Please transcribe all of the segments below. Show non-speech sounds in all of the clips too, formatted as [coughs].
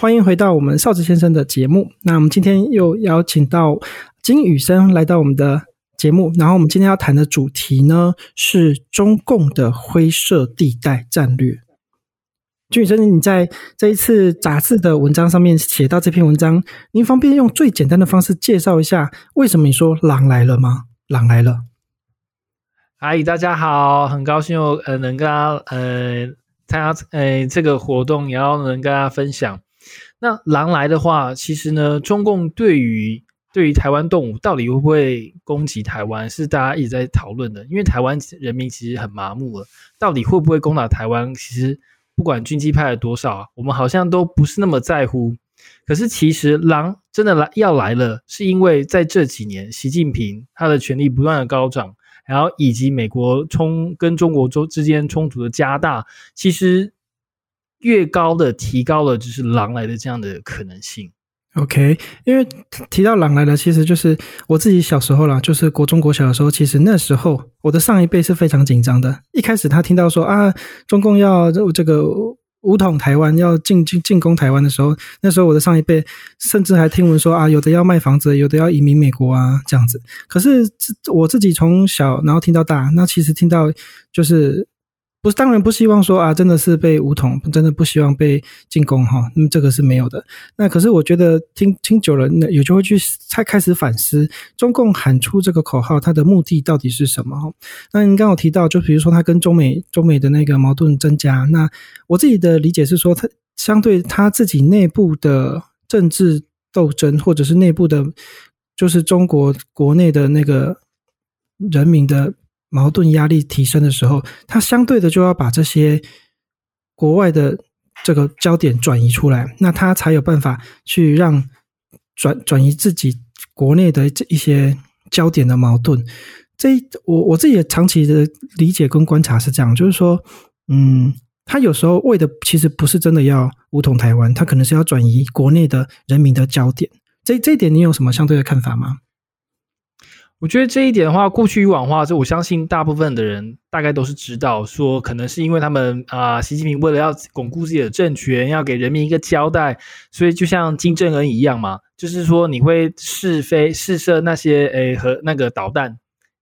歡迎回到我們邵志先生的節目。那我們今天又邀請到金雨森來到我們的節目。然後我們今天要談的主題呢是中共的灰色地帶戰略。金雨森，你在這一次雜誌的文章上面寫到這篇文章，您方便用最簡單的方式介紹一下為什麼你說“狼來了”嗎？“狼來了”？嗨，大家好，很高興又呃能跟大家呃參加呃這個活動，然後能跟大家分享。那狼來的話，其實呢，中共對於對於台灣動武，到底會不會攻擊台灣，是大家一直在討論的。因為台灣人民其實很麻木了，到底會不會攻打台灣，其實不管軍機派了多少，我們好像都不是那麼在乎。可是，其實狼真的來要來了，是因為在這幾年，習近平他的權力不斷的高漲，然後以及美國衝跟中國中之間衝突的加大，其實，越高的提高了，就是狼來的這樣的可能性。OK，因為提到狼來了，其實就是我自己小時候啦，就是國中國小的時候，其實那時候我的上一輩是非常緊張的。一開始他聽到說啊，中共要這個武統台灣，要進進進攻台灣的時候，那時候我的上一輩甚至還聽聞說啊，有的要賣房子，有的要移民美國啊，這樣子。可是我自己從小，然後聽到大，那其實聽到就是。不是當然不希望說啊，真的是被武統，真的不希望被進攻哈。那麼，嗯，這個是沒有的。那可是我覺得聽聽久了，那有機會去才開始反思，中共喊出這個口號，它的目的到底是什麼？那您剛剛有提到，就比如說他跟中美、中美的那個矛盾增加。那我自己的理解是說，它相對它自己內部的政治鬥爭，或者是內部的，就是中國國內的那個人民的。矛盾壓力提升的時候，他相對的就要把這些國外的這個焦點轉移出來，那他才有辦法去讓轉轉移自己國內的這一些焦點的矛盾。這我我自己也長期的理解跟觀察是這樣，就是說，嗯，他有時候為的其實不是真的要武統台灣，他可能是要轉移國內的人民的焦點。這這一點，你有什麼相對的看法嗎？我覺得這一點的話，過去以往的話，這我相信大部分的人大概都是知道，說可能是因為他們啊、呃，習近平為了要鞏固自己的政權，要給人民一個交代，所以就像金正恩一樣嘛，就是說你會試飛、試射那些誒和那個導彈，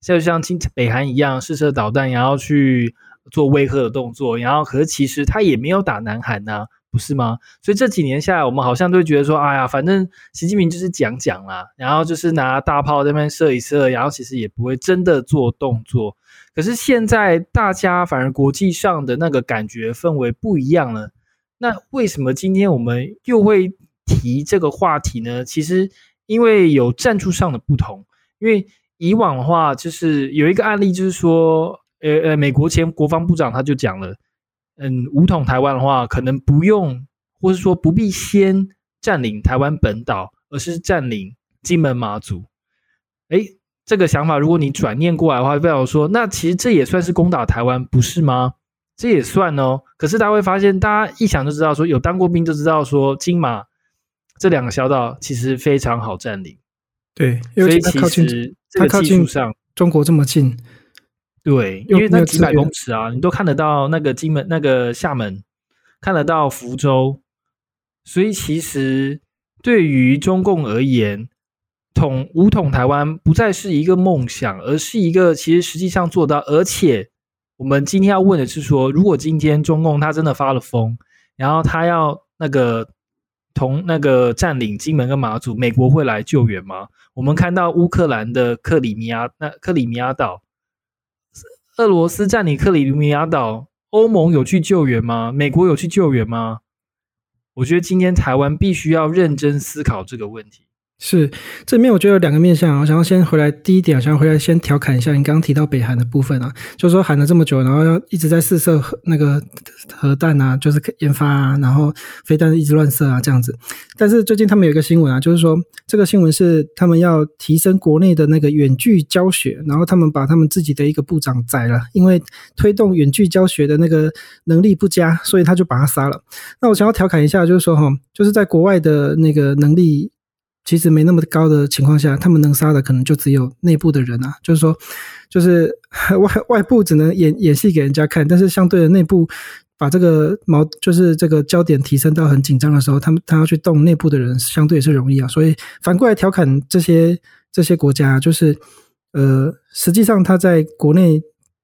像就像金北韓一樣試射導彈，然後去做威嚇的動作，然後可是其實他也沒有打南韓呢、啊。不是嗎？所以這幾年下來，我們好像都覺得說，哎呀，反正習近平就是講講啦，然後就是拿大炮在那邊射一射，然後其實也不會真的做動作。可是現在大家反而國際上的那個感覺氛圍不一樣了。那為什麼今天我們又會提這個話題呢？其實因為有戰術上的不同。因為以往的話，就是有一個案例，就是說，呃呃，美國前國防部長他就講了。嗯，武統台灣的話，可能不用，或是說不必先占領台灣本島，而是占領金門、馬祖。哎、欸，這個想法，如果你轉念過來的話，不要說，那其實這也算是攻打台灣，不是嗎？這也算哦。可是大家會發現，大家一想就知道說，說有當過兵就知道說，說金馬這兩個小島其實非常好占領。對，他所以其實它靠近上中國這麼近。對，因為那幾百公尺啊，你都看得到那個金門、那個廈門，看得到福州，所以其實對於中共而言，統、武統台灣不再是一個夢想，而是一個其實實際上做到。而且我們今天要問的是說，說如果今天中共他真的發了瘋，然後他要那個同那個佔領金門跟馬祖，美國會來救援嗎？我們看到烏克蘭的克里米亞，那克里米亞島。俄羅斯佔領克里米亞島，歐盟有去救援嗎？美國有去救援嗎？我覺得今天台灣必須要認真思考這個問題。是，這裡面我覺得有兩個面向，我想要先回來。第一點，想要回來先調侃一下你剛剛提到北韓的部分啊，就是說喊了這麼久，然後要一直在試射那個核彈啊，就是研發啊，然後飛彈一直亂射啊這樣子。但是最近他們有一個新聞啊，就是說這個新聞是他們要提升國內的那個遠距教學，然後他們把他們自己的一個部長宰了，因為推動遠距教學的那個能力不佳，所以他就把他殺了。那我想要調侃一下，就是說哈，就是在國外的那個能力。其實沒那麼高的情況下，他們能殺的可能就只有內部的人啊。就是說，就是外外部只能演演戲給人家看，但是相對的內部把這個矛，就是這個焦點提升到很緊張的時候，他們他要去動內部的人，相對也是容易啊。所以反過來調侃這些這些國家，就是呃，實際上他在國內。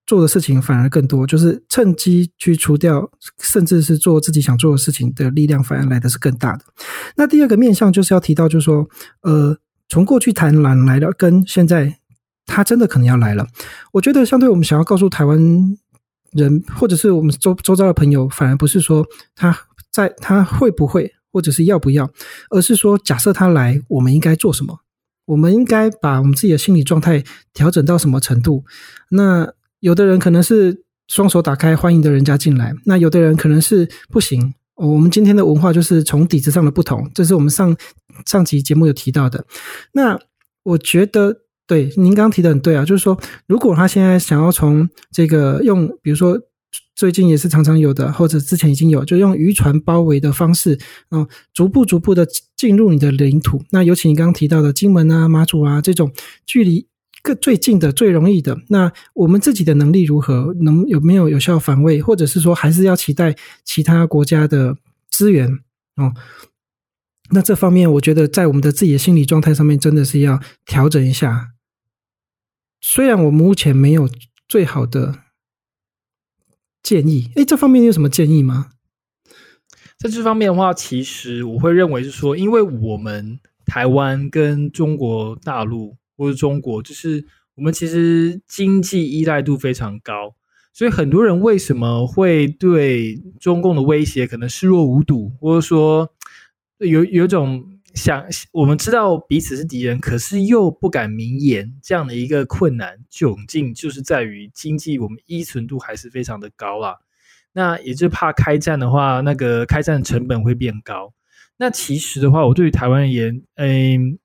做的事情反而更多，就是趁機去除掉，甚至是做自己想做的事情的力量，反而來的是更大的。那第二個面向就是要提到，就是說，呃，從過去談狼來了，跟現在他真的可能要來了。我覺得，相對我們想要告訴台灣人，或者是我們周周遭的朋友，反而不是說他在他會不會，或者是要不要，而是說，假設他來，我們應該做什麼？我們應該把我們自己的心理狀態調整到什麼程度？那？有的人可能是雙手打開歡迎的人家進來，那有的人可能是不行。我們今天的文化就是從底子上的不同，這是我們上上集節目有提到的。那我覺得，對，您剛剛提的很對啊，就是說，如果他現在想要從這個用，比如說最近也是常常有的，或者之前已經有，就用漁船包圍的方式，啊、呃，逐步逐步的進入你的領土。那尤其你剛剛提到的金門啊、馬祖啊這種距離。個最近的，最容易的，那我們自己的能力如何？能有沒有有效防衛？或者是說還是要期待其他國家的資源？哦，那這方面我覺得在我們的自己的心理狀態上面真的是要調整一下。雖然我們目前沒有最好的建議，誒，這方面有什麼建議嗎？在這這方面的話，其實我會認為是說，因為我們台灣跟中國大陸，或者中國，就是我們其實經濟依賴度非常高，所以很多人為什麼會對中共的威脅可能視若無睹，或者說有有一種想我們知道彼此是敵人，可是又不敢明言這樣的一個困難窘境，就是在於經濟我們依存度還是非常的高啊。那也就怕開戰的話，那個開戰成本會變高。那其實的話，我對於台灣而言，嗯、哎。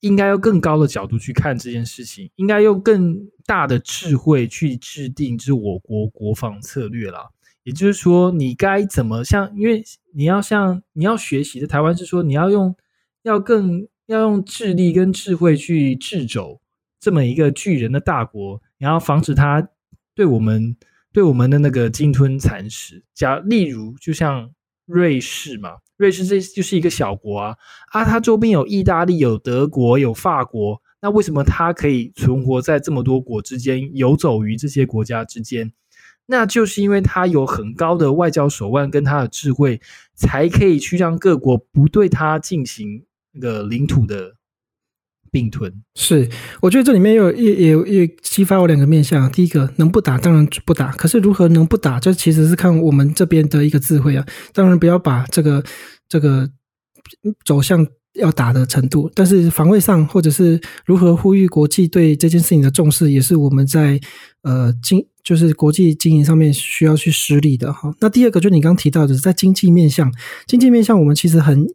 應該用更高的角度去看這件事情，應該用更大的智慧去制定這我國國防策略了。也就是說，你該怎麼像？因為你要像，你要學習的台灣是說，你要用要更要用智力跟智慧去掣肘這麼一個巨人的大國，然後防止他對我們對我們的那個鯨吞蠶食。假例如，就像。瑞士嘛，瑞士這就是一個小國啊，啊，它周邊有意大利、有德國、有法國，那為什麼它可以存活在這麼多國之間，遊走於這些國家之間？那就是因為它有很高的外交手腕跟它的智慧，才可以去讓各國不對它進行那個領土的。併吞，是，我覺得這裡面又也有也也激發我兩個面向啊。第一個，能不打當然不打，可是如何能不打，這其實是看我們這邊的一個智慧啊。當然不要把這個這個走向要打的程度，但是防衛上或者是如何呼籲國際對這件事情的重視，也是我們在呃經就是國際經營上面需要去施力的哈。那第二個就是你剛提到的，在經濟面向，經濟面向我們其實很。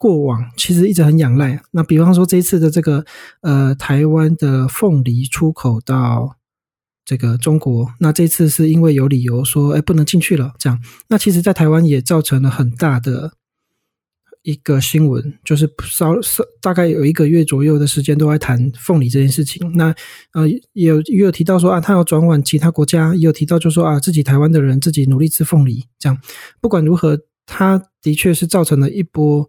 過往其實一直很仰賴。那比方說這一次的這個呃台灣的鳳梨出口到這個中國，那這次是因為有理由說哎、欸、不能進去了這樣。那其實，在台灣也造成了很大的一個新聞，就是稍，大概有一個月左右的時間都在談鳳梨這件事情。那呃也有也有提到說啊，他要轉往其他國家，也有提到就是說啊自己台灣的人自己努力吃鳳梨這樣。不管如何，他的確是造成了一波，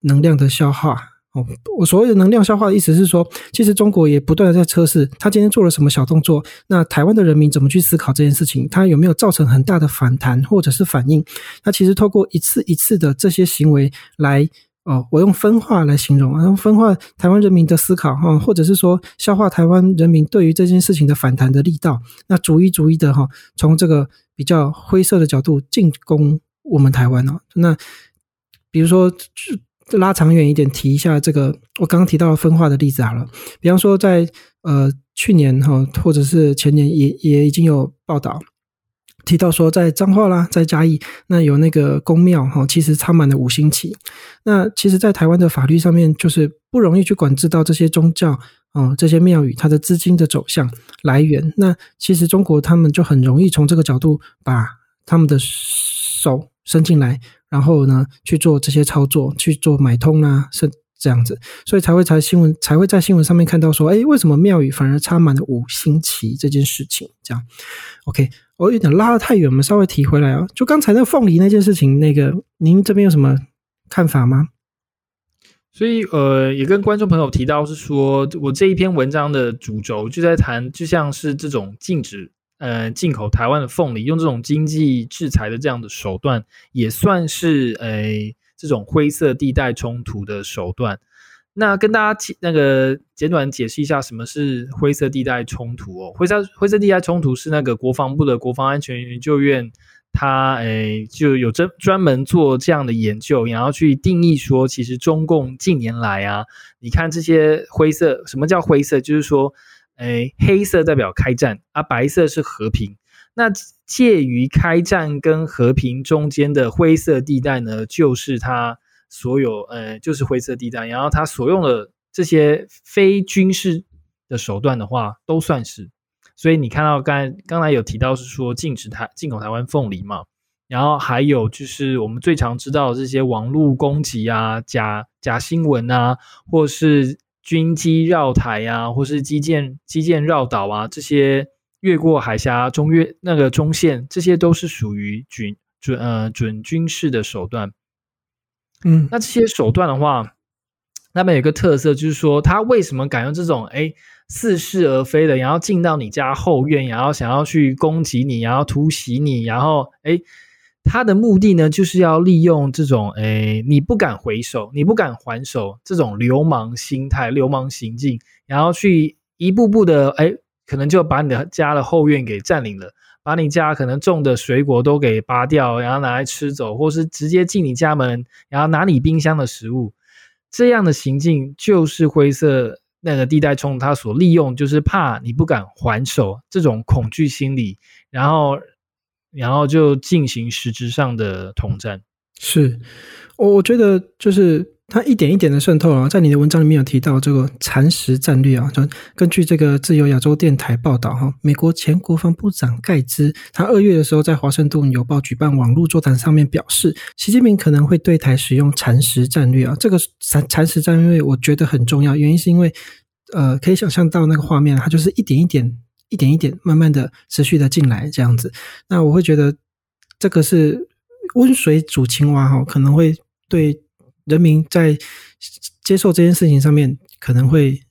能量的消化哦，我所謂的能量消化的意思是說，其實中國也不斷的在測試，他今天做了什麼小動作，那台灣的人民怎麼去思考這件事情，他有沒有造成很大的反彈或者是反應？那其實透過一次一次的這些行為來，哦，我用分化來形容，然後分化台灣人民的思考哈，或者是說消化台灣人民對於這件事情的反彈的力道，那逐一逐一的哈，從這個比較灰色的角度進攻我們台灣哦，那比如說拉長遠一點提一下這個，我剛剛提到分化的例子好了，比方說在呃去年哈，或者是前年也也已經有報道提到說，在彰化啦，在嘉義那有那個宮廟哈，其實插滿了五星旗。那其實，在台灣的法律上面，就是不容易去管制到這些宗教啊、呃，這些廟宇它的資金的走向來源。那其實中國他們就很容易從這個角度把他們的手伸進來。然後呢，去做這些操作，去做買通啊，是這樣子，所以才會在新聞才會在新聞上面看到說，哎，為什麼廟宇反而插滿了五星旗這件事情？這樣，OK，我有點拉得太遠，我們稍微提回來啊。就剛才那鳳梨那件事情，那個您這邊有什麼看法嗎？所以，呃，也跟觀眾朋友提到是說，我這一篇文章的主軸就在談，就像是這種禁止。呃，進口台灣的鳳梨，用這種經濟制裁的這樣的手段，也算是呃這種灰色地帶衝突的手段。那跟大家那個簡短解釋一下，什麼是灰色地帶衝突哦？灰色灰色地帶衝突是那個國防部的國防安全研究院，他誒、呃、就有這專門做這樣的研究，然後去定義說，其實中共近年來啊，你看這些灰色，什麼叫灰色？就是說。哎，黑色代表開戰，啊，白色是和平。那介於開戰跟和平中間的灰色地帶呢，就是它所有，呃，就是灰色地帶。然後它所用的這些非軍事的手段的話，都算是。所以你看到剛剛才有提到是說禁止台進口台灣鳳梨嘛，然後還有就是我們最常知道的這些網絡攻擊啊、假假新聞啊，或是。軍機繞台呀、啊，或是機艦機艦繞島啊，這些越過海峽中越那個中線，這些都是屬於準，準呃準軍事的手段。嗯，那這些手段的話，那邊有個特色，就是說他為什麼敢用這種誒似是而非的，然後進到你家後院，然後想要去攻擊你，然後突襲你，然後誒他的目的呢，就是要利用這種，誒、哎、你不敢回手，你不敢還手，這種流氓心態、流氓行徑，然後去一步步的，誒、哎、可能就把你的家的後院給佔領了，把你家可能種的水果都給扒掉，然後拿來吃走，或是直接進你家門，然後拿你冰箱的食物，這樣的行徑就是灰色那個地帶，衝他所利用，就是怕你不敢還手這種恐懼心理，然後。然後就進行實質上的統戰，是，我我覺得就是他一點一點的滲透啊，在你的文章裡面有提到這個蠶食戰略啊，就根據這個自由亞洲電台報道哈啊，美國前國防部長蓋茨，他二月的時候在華盛頓郵報舉辦網絡座談上面表示，習近平可能會對台使用蠶食戰略啊，這個蠶蠶食戰略我覺得很重要，原因是因為呃可以想象到那個畫面，他就是一點一點。一點一點，慢慢的，持續的進來，這樣子，那我會覺得這個是溫水煮青蛙哈、哦，可能會對人民在接受這件事情上面，可能會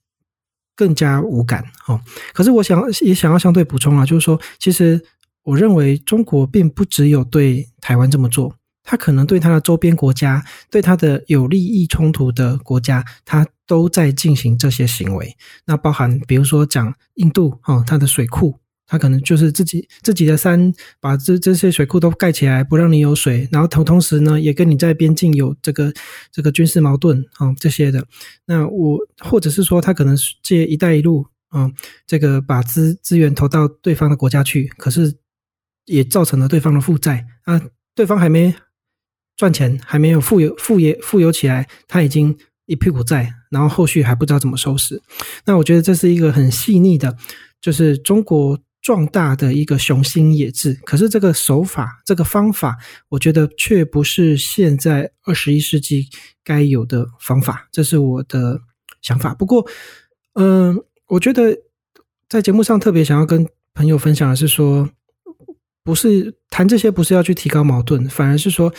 更加無感哦，可是我想也想要相對補充啊，就是說，其實我認為中國並不只有對台灣這麼做。他可能對他的周邊國家，對他的有利益衝突的國家，他都在進行這些行為。那包含比如說講印度哦，他的水庫，他可能就是自己自己的山把這這些水庫都蓋起來，不讓你有水。然後同同時呢，也跟你在邊境有這個這個軍事矛盾啊、哦、這些的。那我或者是說，他可能借“一帶一路”啊、哦，這個把資資源投到對方的國家去，可是也造成了對方的負債啊，對方還沒。賺錢還沒有富有富也富有起來，他已經一屁股債，然後後續還不知道怎麼收拾。那我覺得這是一個很細膩的，就是中國壯大的一個雄心野志。可是這個手法，這個方法，我覺得卻不是現在二十一世紀該有的方法。這是我的想法。不過，嗯、呃，我覺得在節目上特別想要跟朋友分享的是說，不是談這些，不是要去提高矛盾，反而是說。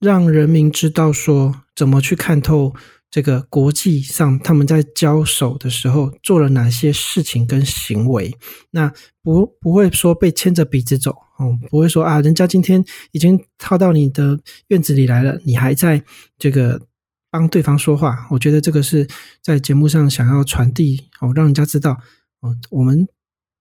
讓人民知道說，怎麼去看透這個國際上他們在交手的時候做了哪些事情跟行為，那不不會說被牽着鼻子走，哦，不會說啊，人家今天已經套到你的院子裡來了，你還在這個幫對方說話。我覺得這個是在節目上想要傳遞，哦，讓人家知道，哦，我們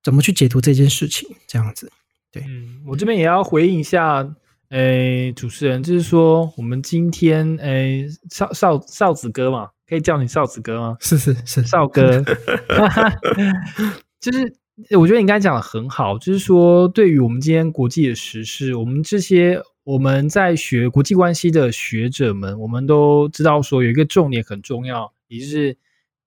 怎麼去解讀這件事情，這樣子。對，嗯，我這邊也要回應一下。哎，主持人，就是說，我們今天哎，少，少子哥嘛，可以叫你少子哥嗎？是是是，是，少哥。 [laughs] [laughs] 就是我覺得你剛才講得很好，就是說，對於我們今天國際的時事，我們這些我們在學國際關係的學者們，我們都知道說有一個重點很重要，也就是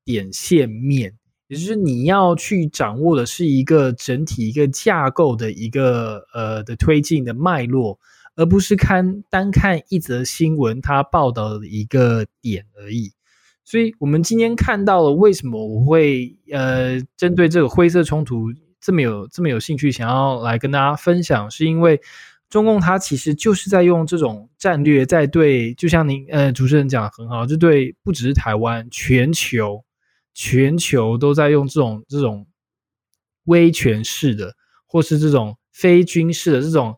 點線面，也就是你要去掌握的是一個整體一個架構的一個呃的推進的脈絡。而不是看單看一則新聞，它報道的一個點而已。所以，我們今天看到了為什麼我會呃，針對這個灰色衝突這麼有這麼有興趣，想要來跟大家分享，是因為中共它其實就是在用這種戰略，在對，就像您呃主持人講的很好，就對，不只是台灣，全球全球都在用這種這種威權式的，或是這種非軍事的這種。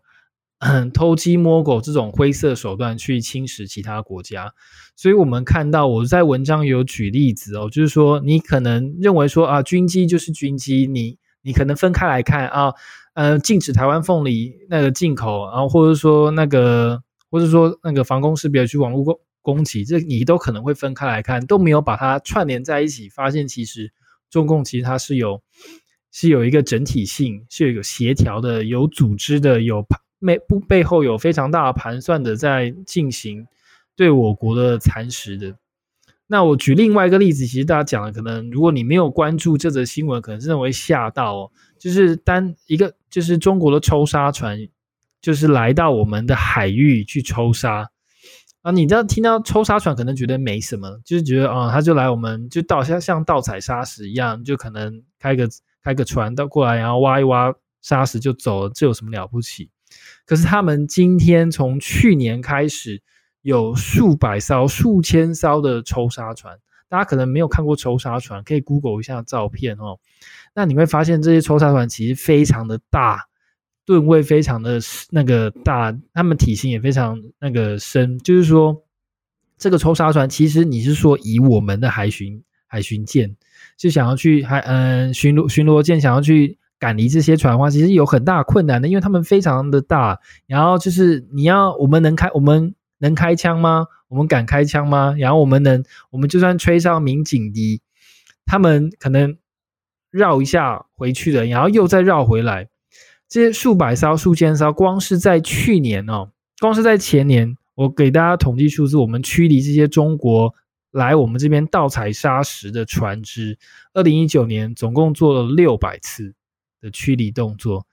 [coughs] 偷雞摸狗這種灰色手段去侵蝕其他國家，所以我們看到我在文章有舉例子哦，就是說你可能認為說啊，軍機就是軍機，你你可能分開來看啊，呃，禁止台灣鳳梨那個進口，然後或者說那個，或者說那個防空識別區網絡攻攻擊，這你都可能會分開來看，都沒有把它串聯在一起，發現其實中共其實它是有是有一個整體性，是有一個協調的、有組織的、有。沒，不，背後有非常大的盤算的在進行，對我國的蠶食的。那我舉另外一個例子，其實大家講的可能，如果你沒有關注這則新聞，可能認為嚇到哦。就是單一個就是中國的抽沙船，就是來到我們的海域去抽沙啊，你知道聽到抽沙船，可能覺得沒什麼，就是覺得啊、嗯，他就來我們就倒像像盜採沙石一樣，就可能開個開個船到過來，然後挖一挖沙石就走了，這有什麼了不起？可是他們今天從去年開始，有數百艘、數千艘的抽沙船，大家可能沒有看過抽沙船，可以 Google 一下照片哦。那你會發現這些抽沙船其實非常的大，噸位非常的那個大，他們體型也非常那個深。就是說，這個抽沙船其實你是說以我們的海巡海巡艦，就想要去海，嗯，巡邏巡邏艦想要去趕離這些船的話，其實有很大困難的，因為他們非常的大。然後就是你要我們能開，我們能開槍嗎？我們敢開槍嗎？然後我們能，我們就算吹哨鳴警笛，他們可能繞一下回去了，然後又再繞回來。這些數百艘、數千艘，光是在去年哦，光是在前年，我給大家統計數字，我們驅離這些中國來我們這邊盜採砂石的船只，二零一九年總共做了六百次。的驅離動作，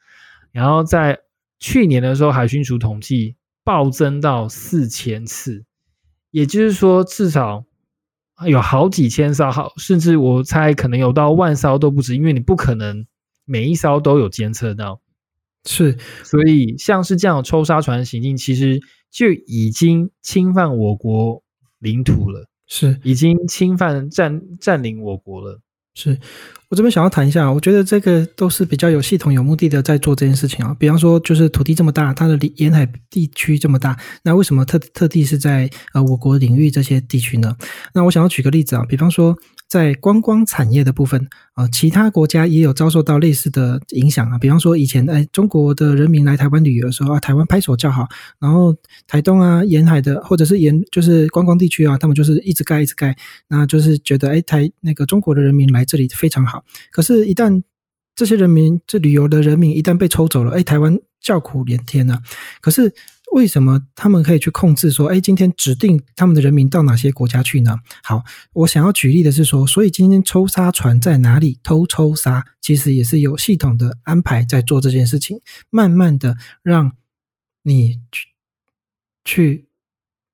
然後在去年的時候，海巡署統計暴增到四千次，也就是說至少有好幾千艘，好甚至我猜可能有到萬艘都不止，因為你不可能每一艘都有監測到。是，所以像是這樣抽沙船行徑，其實就已經侵犯我國領土了，是已經侵犯占占領我國了。是，我這邊想要談一下，我覺得這個都是比較有系統、有目的的在做這件事情啊。比方說，就是土地這麼大，它的裡沿海地區這麼大，那為什麼特特地是在呃我國領域這些地區呢？那我想要舉個例子啊，比方說。在觀光產業的部分，啊，其他國家也有遭受到類似的影響啊。比方說，以前，哎，中國的人民來台灣旅遊的時候啊，台灣拍手叫好，然後台東啊、沿海的或者是沿就是觀光地區啊，他們就是一直蓋一直蓋，那就是覺得哎台那個中國的人民來這裡非常好。可是，一旦這些人民這旅遊的人民一旦被抽走了，哎，台灣叫苦連天呢、啊。可是。為什麼他們可以去控制，說，哎，今天指定他們的人民到哪些國家去呢？好，我想要舉例的是說，所以今天抽沙船在哪裡偷抽沙，其實也是有系統的安排在做這件事情，慢慢的讓你去，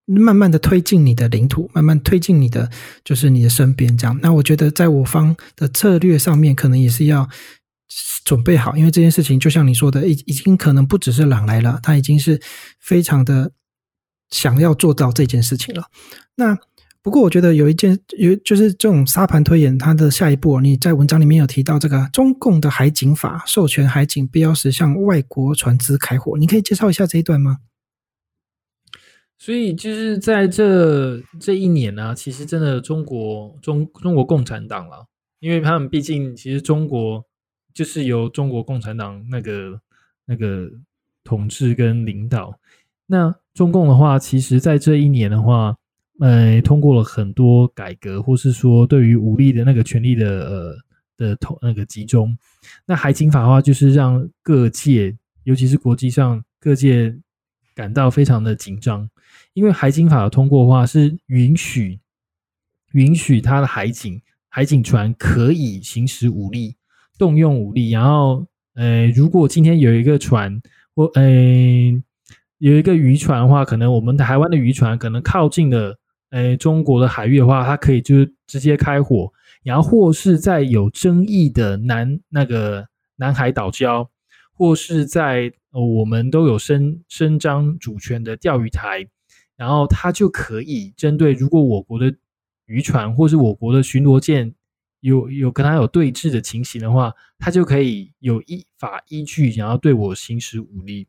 慢慢的推進你的領土，慢慢推進你的就是你的身邊這樣。那我覺得，在我方的策略上面，可能也是要。準備好，因為這件事情就像你說的，已已經可能不只是狼來了，他已經是非常的想要做到這件事情了。嗯、那不過我覺得有一件有就是這種沙盤推演，它的下一步，你在文章裡面有提到這個中共的海警法，授權海警必要時向外國船隻開火，你可以介紹一下這一段嗎？所以就是在這這一年呢、啊，其實真的中國中中國共產黨了，因為他們畢竟其實中國。就是由中國共產黨那個那個統治跟領導，那中共的話，其實在這一年的話，呃，通過了很多改革，或是說對於武力的那個權力的呃的統那個集中。那海警法的話，就是讓各界，尤其是國際上各界感到非常的緊張，因為海警法的通過的話是允許允許他的海警海警船可以行使武力，動用武力，然後，呃，如果今天有一個船，或呃，有一個漁船的話，可能我們台灣的漁船可能靠近了，呃，中國的海域的話，它可以就是直接開火，然後或是在有爭議的南那個南海島礁，或是在，呃，我們都有伸伸張主權的釣魚台，然後它就可以針對如果我國的漁船或是我國的巡邏艦。有有跟他有對峙的情形的話，他就可以有依法依據，然後對我行使武力。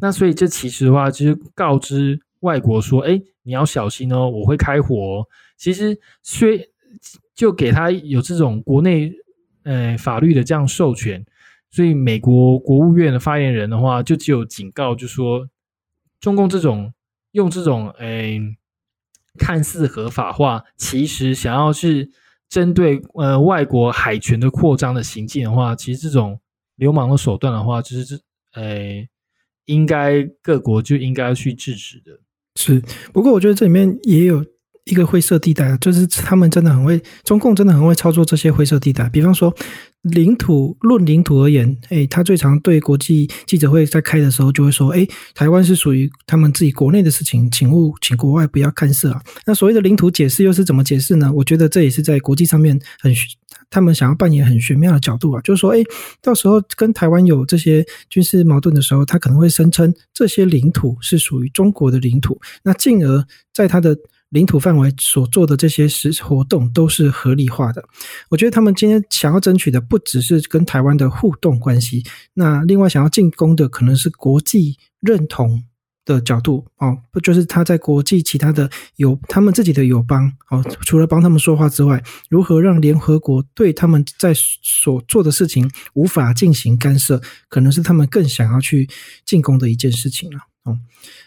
那所以這其實的話，就是告知外國說：“哎，你要小心哦，我會開火哦。”其實雖就給他有這種國內呃法律的這樣授權，所以美國國務院的發言人的話，就只有警告，就說中共這種用這種誒、呃、看似合法化，其實想要是。針對呃外國海權的擴張的行徑的話，其實這種流氓的手段的話，就是這誒、呃、應該各國就應該去制止的。是，不過我覺得這裡面也有一個灰色地帶，就是他們真的很會，中共真的很會操作這些灰色地帶，比方說。領土，論領土而言，哎、欸，他最常對國際記者會在開的時候就會說，誒、欸、台灣是屬於他們自己國內的事情，請勿請國外不要干涉、啊。那所謂的領土解釋又是怎麼解釋呢？我覺得這也是在國際上面很，他們想要扮演很玄妙的角度啊，就是說，誒、欸、到時候跟台灣有這些軍事矛盾的時候，他可能會聲稱這些領土是屬於中國的領土，那進而在他的。領土範圍所做的這些實施活動都是合理化的。我覺得他們今天想要爭取的不只是跟台灣的互動關係，那另外想要進攻的可能是國際認同的角度哦，不就是他在國際其他的友，他們自己的友邦哦，除了幫他們說話之外，如何讓聯合國對他們在所做的事情無法進行干涉，可能是他們更想要去進攻的一件事情了啊哦。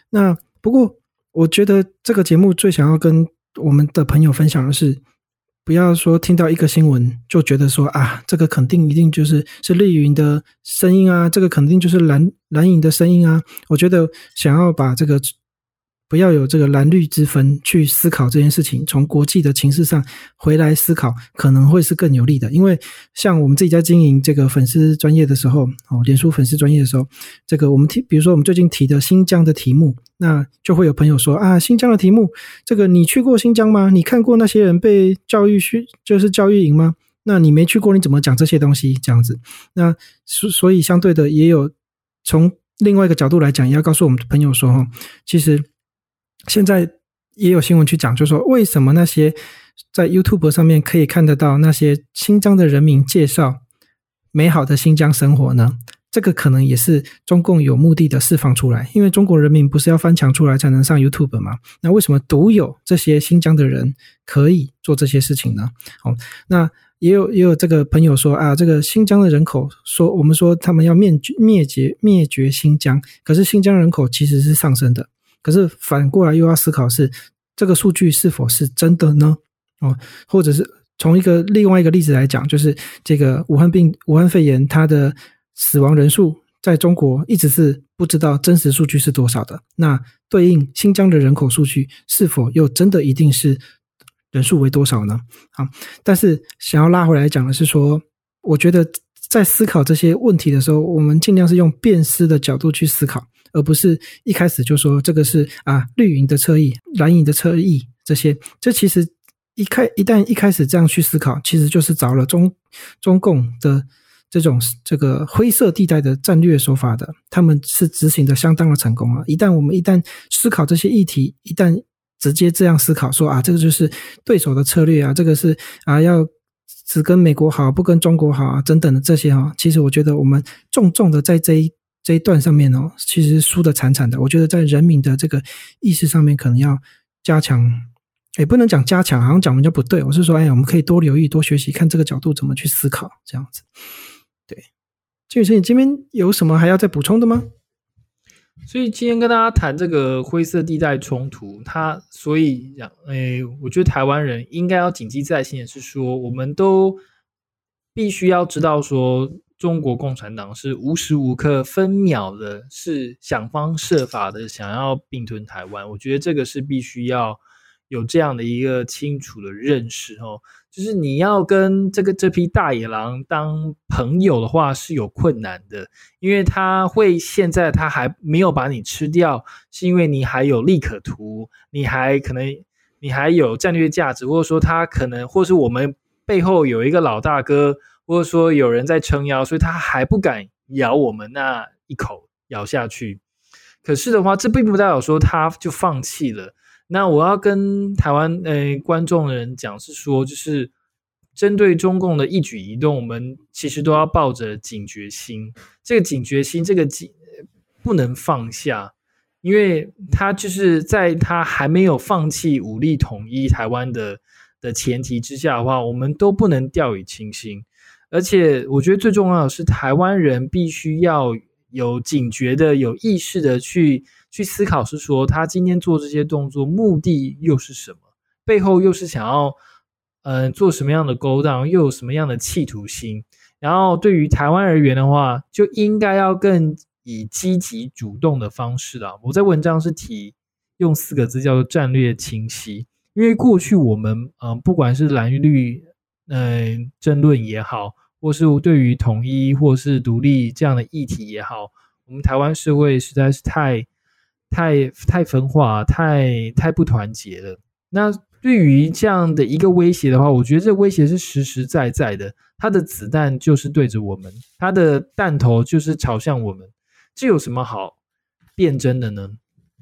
那不過。我覺得這個節目最想要跟我們的朋友分享的是，不要說聽到一個新聞就覺得說啊，這個肯定一定就是是綠營的聲音啊，這個肯定就是藍、藍營的聲音啊。我覺得想要把這個。不要有這個藍綠之分去思考這件事情。從國際的情勢上回來思考，可能會是更有利的。因為像我們自己在經營這個粉絲專業的時候，哦，臉書粉絲專業的時候，這個我們提，比如說我們最近提的新疆的題目，那就會有朋友說啊，新疆的題目，這個你去過新疆嗎？你看過那些人被教育去，就是教育營嗎？那你沒去過，你怎麼講這些東西，這樣子。那所所以，相對的也有從另外一個角度來講，也要告訴我們的朋友說，哈，其實。現在也有新聞去講，就是說為什麼那些在 YouTube 上面可以看得到那些新疆的人民介紹美好的新疆生活呢？這個可能也是中共有目的的釋放出來，因為中國人民不是要翻牆出來才能上 YouTube 嗎？那為什麼獨有這些新疆的人可以做這些事情呢？哦，那也有也有這個朋友說啊，這個新疆的人口說我們說他們要滅絕滅絕滅絕新疆，可是新疆人口其實是上升的。可是反過來又要思考，是這個數據是否是真的呢？哦，或者是從一個另外一個例子來講，就是這個武漢病、武漢肺炎，它的死亡人數在中國一直是不知道真實數據是多少的。那對應新疆的人口數據，是否又真的一定是人數為多少呢？啊，但是想要拉回來講的是說，我覺得在思考這些問題的時候，我們儘量是用辨識的角度去思考。而不是一開始就說這個是啊綠營的側翼、藍營的側翼這些，這其實一開一旦一開始這樣去思考，其實就是找了中中共的，這種這個灰色地帶的戰略手法的，他們是執行的相當的成功啊。一旦我們一旦思考這些議題，一旦直接這樣思考說啊這個就是對手的策略啊，這個是啊要只跟美國好不跟中國好啊等等的這些啊，其實我覺得我們重重的在這一。這一段上面哦，其實輸得慘慘的。我覺得在人民的這個意識上面，可能要加強，也、欸、不能講加強，好像講的就不對。我是說，哎、欸，我們可以多留意、多學習，看這個角度怎麼去思考，這樣子。對，金雨森，你這邊有什麼還要再補充的嗎？所以今天跟大家談這個灰色地帶衝突，他所以，哎、欸，我覺得台灣人應該要謹記在心，也是說，我們都必須要知道說。中國共產黨是無時無刻、分秒的，是想方設法的想要併吞台灣。我覺得這個是必須要有這樣的一個清楚的認識哦，就是你要跟這個這匹大野狼當朋友的話是有困難的，因為他會現在他還沒有把你吃掉，是因為你還有利可圖，你還可能你還有戰略價值，或者說他可能，或是我們背後有一個老大哥，或者說有人在撐腰，所以他還不敢咬我們那一口咬下去。可是的話，這並不代表說他就放棄了。那我要跟台灣誒、呃、觀眾的人講，是說就是針對中共的一舉一動，我們其實都要抱着警覺心。這個警覺心，這個警不能放下，因為他就是在他還沒有放棄武力統一台灣的的前提之下的話，我們都不能掉以輕心。而且我覺得最重要的是，台灣人必須要有警覺的、有意識的去去思考，是說他今天做這些動作目的又是什麼，背後又是想要嗯、呃、做什麼樣的勾當，又有什麼樣的企圖心。然後對於台灣而言的話，就應該要更以積極主動的方式了。我在文章是提用四個字叫做“戰略清晰”，因為過去我們嗯、呃，不管是藍綠嗯、呃、爭論也好。或是對於統一或是獨立這樣的議題也好，我們台灣社會實在是太太太分化、太太不團結了。那對於這樣的一個威脅的話，我覺得這威脅是實實在在的，它的子彈就是對着我們，它的彈頭就是朝向我們，這有什麼好辯證的呢？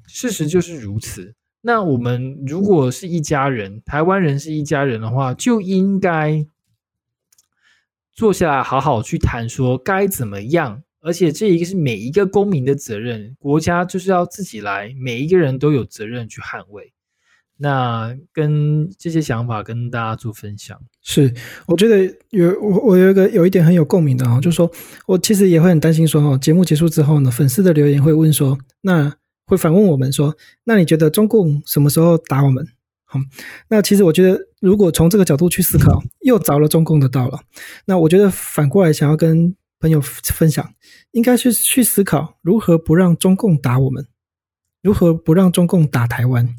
事實就是如此。那我們如果是一家人，台灣人是一家人的話，就應該。坐下來好好去談，說該怎麼樣。而且這一個是每一個公民的責任，國家就是要自己來，每一個人都有責任去捍衛。那跟這些想法跟大家做分享。是，我覺得有，我我有一個有一點很有共鳴的哦，就是說我其實也會很擔心說，哦，節目結束之後呢，粉絲的留言會問說，那會反問我們說，那你覺得中共什麼時候打我們？好，那其實我覺得，如果從這個角度去思考，又着了中共的道了。那我覺得反過來想要跟朋友分享，應該去去思考如何不讓中共打我們，如何不讓中共打台灣。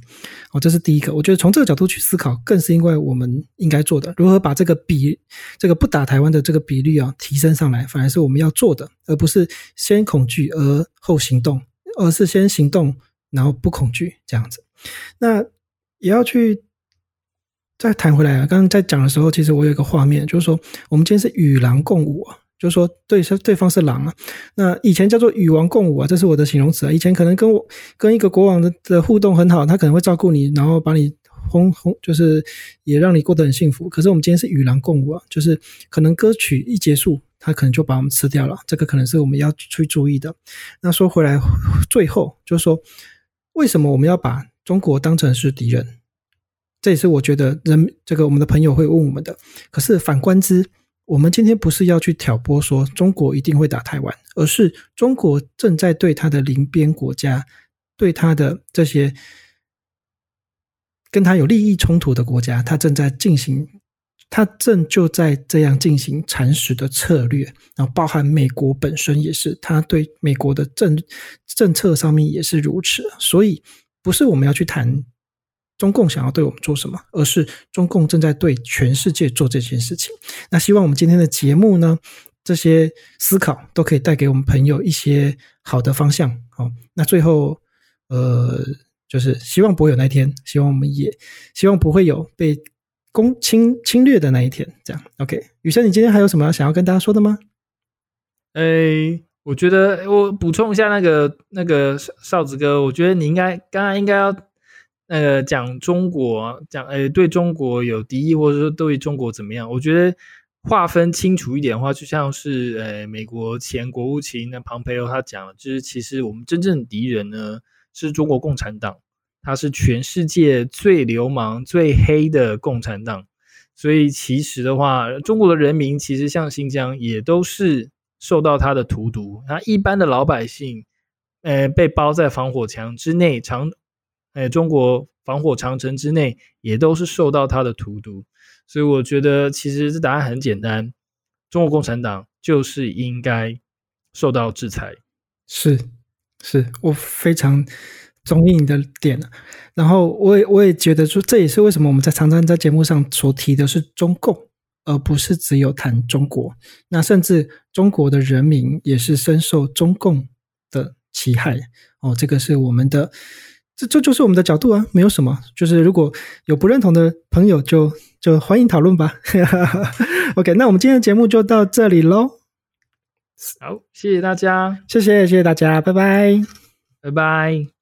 哦，這是第一個。我覺得從這個角度去思考，更是因為我們應該做的，如何把這個比這個不打台灣的這個比率啊提升上來，反而是我們要做的，而不是先恐懼而後行動，而是先行動然後不恐懼這樣子。那。也要去再談回來啊，剛剛在講的時候，其實我有一個畫面，就是說我們今天是與狼共舞啊，就是說對，是對方是狼啊。那以前叫做與王共舞啊，這是我的形容詞啊。以前可能跟我跟一個國王的的互動很好，他可能會照顧你，然後把你哄哄，就是也讓你過得很幸福。可是我們今天是與狼共舞啊，就是可能歌曲一結束，他可能就把我們吃掉了。這個可能是我們要去注意的。那說回來，最後就是說，為什麼我們要把中國當成是敵人，這也是我覺得人這個我們的朋友會問我們的。可是反觀之，我們今天不是要去挑撥說中國一定會打台灣，而是中國正在對他的鄰邊國家、對他的這些跟他有利益衝突的國家，他正在進行，他正就在這樣進行蠶食的策略。然後包含美國本身也是，他對美國的政政策上面也是如此，所以。不是我們要去談中共想要對我們做什麼，而是中共正在對全世界做這件事情。那希望我們今天的節目呢，這些思考都可以帶給我們朋友一些好的方向。好，那最後，呃，就是希望不會有那一天，希望我們也希望不會有被攻侵侵略的那一天。這樣，OK，雨森，你今天還有什麼想要跟大家說的嗎？哎。Hey. 我覺得我補充一下那個那個哨子哥，我覺得你應該剛剛應該要那個、呃、講中國講誒對中國有敵意或者說對中國怎麼樣？我覺得劃分清楚一點的話，就像是誒美國前國務卿的蓬佩奧他講的，就是其實我們真正敵人呢是中國共產黨，他是全世界最流氓最黑的共產黨，所以其實的話，中國的人民其實像新疆也都是，受到他的荼毒，那一般的老百姓，呃，被包在防火牆之內，長，哎、呃，中國防火長城之內，也都是受到他的荼毒，所以我覺得其實這答案很簡單，中國共產黨就是應該受到制裁。是，是，我非常中意你的點，然後我也我也覺得說，這也是為什麼我們在常常在節目上所提的是中共。而不是只有談中國，那甚至中國的人民也是深受中共的其害哦，這個是我們的這這就是我們的角度啊，沒有什麼，就是如果有不認同的朋友就就歡迎討論吧。 [laughs] OK，那我們今天的節目就到這裡嘍，好，謝謝大家，謝謝謝謝大家，拜拜，拜拜。